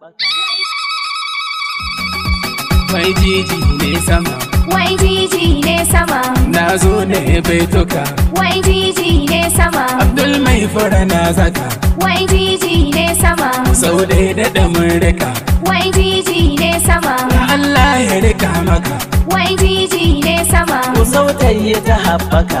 Wai jiji ne sama. Wai jiji ne sama. Na zo ne bai baituka. Wai jiji ne sama. Abdul mai fara na zaka. Wai jiji ne sama. Sau da daɗa mun rika. Wai jiji ne sama. Allah ya rika maka. Wai jiji ne sama. Ku sautayi ta haɓaka.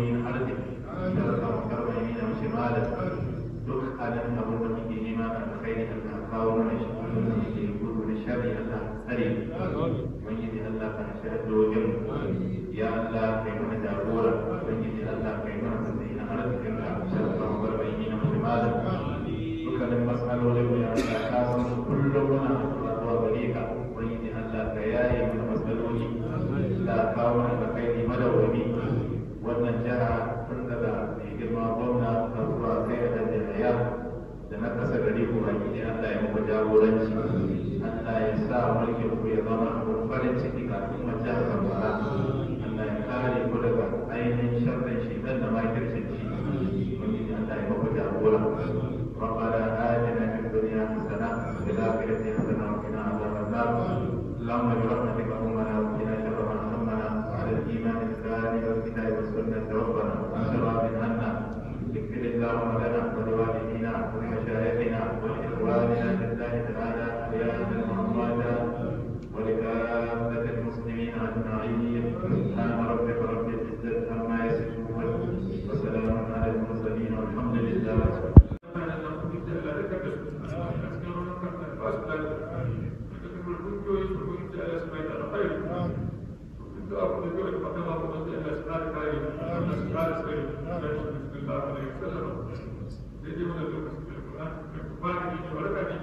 ubangiji Allah ya muku jagoranci Allah ya sa mulkin ku ya zama ku farin ciki kafin mu jihar Zamfara Allah ya kare ku daga ainihin sharrin shi dan da makircin shi ubangiji Allah ya muku jagora ربنا آتنا في الدنيا حسنة وفي الآخرة اللهم برحمتك شر ما وعلى والكتاب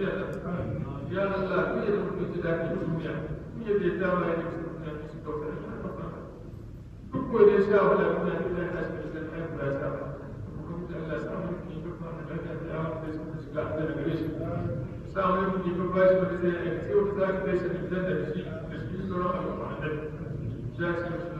tafiya ya Allah ku ya zama ji daɗin duniya ku ya bai dama ya nufi duniya ku su kauta da shi duk ko ne sha wala muna ji daɗin a cikin sai ayyuka da sha ba ku ji Allah samu ki duk ma da daɗin da da su shiga da gare shi samu yi duk ba shi wanda zai aiki wanda za ka kai shi da shi da shi sauran al'umma da shi ya ce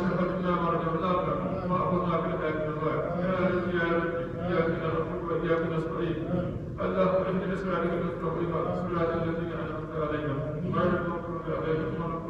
تفرجنا ورجوناك وأخذنا بالحياة الضيق يا رزق يا رزق إياك نرحب وإياك نستعين اللهم اهد بأسماعنا من التوفيق والصراط الذين أنعمت عليهم غير المغضوب عليهم ولا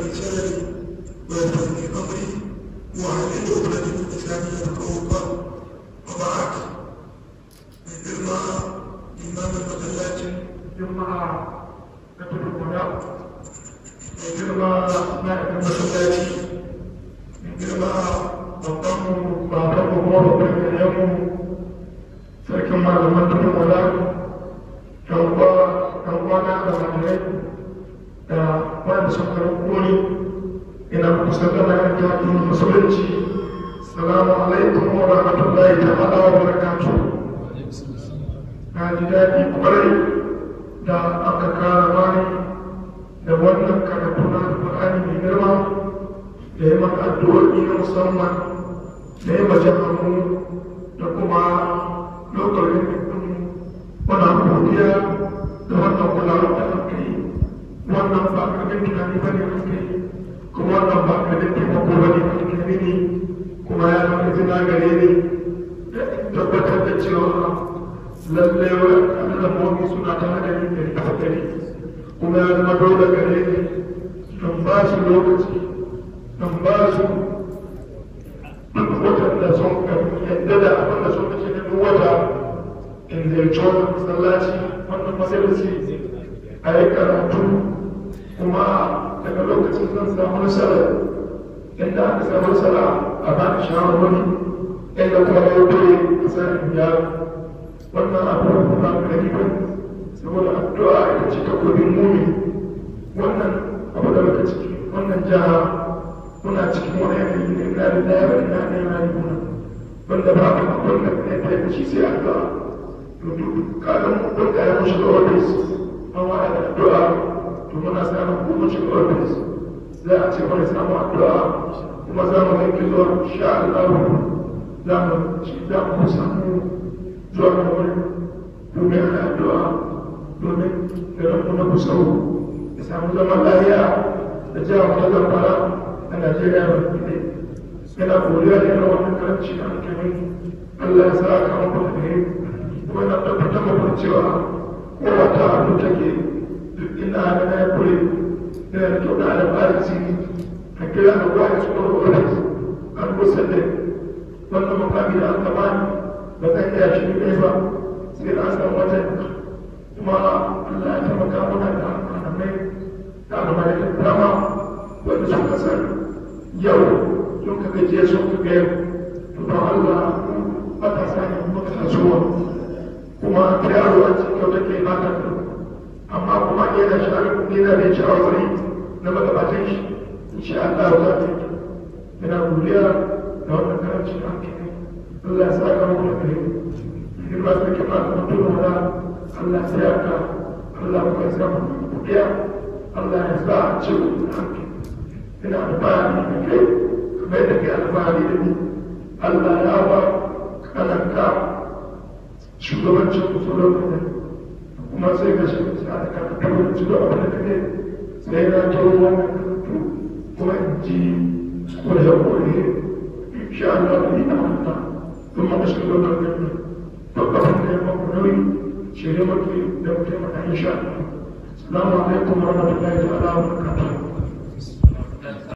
رجالي ويسرني أمري وأعلن بلدي من إرمى إمام المسلات جمع كتب الولاء من إرمى نائب المسلات من إرمى addinin musulunci salamu alaikum wa rahmatullahi ta'ala wa barakatu na ji daɗi kwarai da aka kara bani da wannan karatu na alƙur'ani mai girma da yi maka addu'o'i na musamman da yi majamamu da kuma lokacin ɗin muna godiya da wannan kula da aka yi wannan ba ƙarfin tunani ba ne aka yi kuma wannan ba ka duk taimako ba ne cikin ne kuma ya zama jina gare ne tabbatar da cewa lallai wa alamomi suna ta hadari da ni kuma ya zama dole gare ne don ba shi lokaci don ba su da sun yadda da abin da sun kace na wata in zai cewa masallaci wannan masallaci a yi karatu kuma daga lokacin zan samu nasara inda aka samu nasara a ba ni shawarwari inda kuma ya wuce a in ya wannan abu da ba ka yi ba saboda addu'a ita ce ta kudin mumi wannan abu da muka ciki wannan jaha muna cikin wani yanayi ne na da ya bari na ne na yi muna wanda ba ka kuma wannan ne ta yi shi sai addu'a to duk kaga mu don ka yi mushi da su an wa'ada addu'a kuma na samun hukuncin ofis za a ce wani samun addu'a kuma za mu yanke zuwa sha Allah za mu ci zuwa ga wani ana addu'a domin garin mu na kusau da samu zama lafiya da jihar mu na zamfara a Najeriya ba kuɗi yana koriya da yana wannan karanci da hankali Allah ya sa ka mafi da ne wannan ɗaukar cewa ko wata لا تدع لبعاد سيدي حكي أنا واحد سبحانه غريز المسلم وأنا مقابل أن طبعا بذلك يا شبيب إيبا سير أسا وطن ثم الله يتمكى منا نحن نحن نحن ملك الدراما وأن سوك سر يوم يوم كجيه سوك غير تبع الله متى سعي متى سوى وما أنت يا أرواح كيف تكي in yana sha'ar yana da shawarwari na magabatan shi in sha Allah za ta yi yana godiya da wannan karancin hankali Allah ya saka mu da kai in ba su ke ba mu tuna da Allah sai ka Allah ku ya saka mu Allah ya sa a ci hankali ina alfahari da kai kamar da kai alfahari da ni Allah ya ba kananka shugabancin musulunci kuma sai ka shi a da da ciro a wani kare na to wani kuma ji kwarhe kwarhe na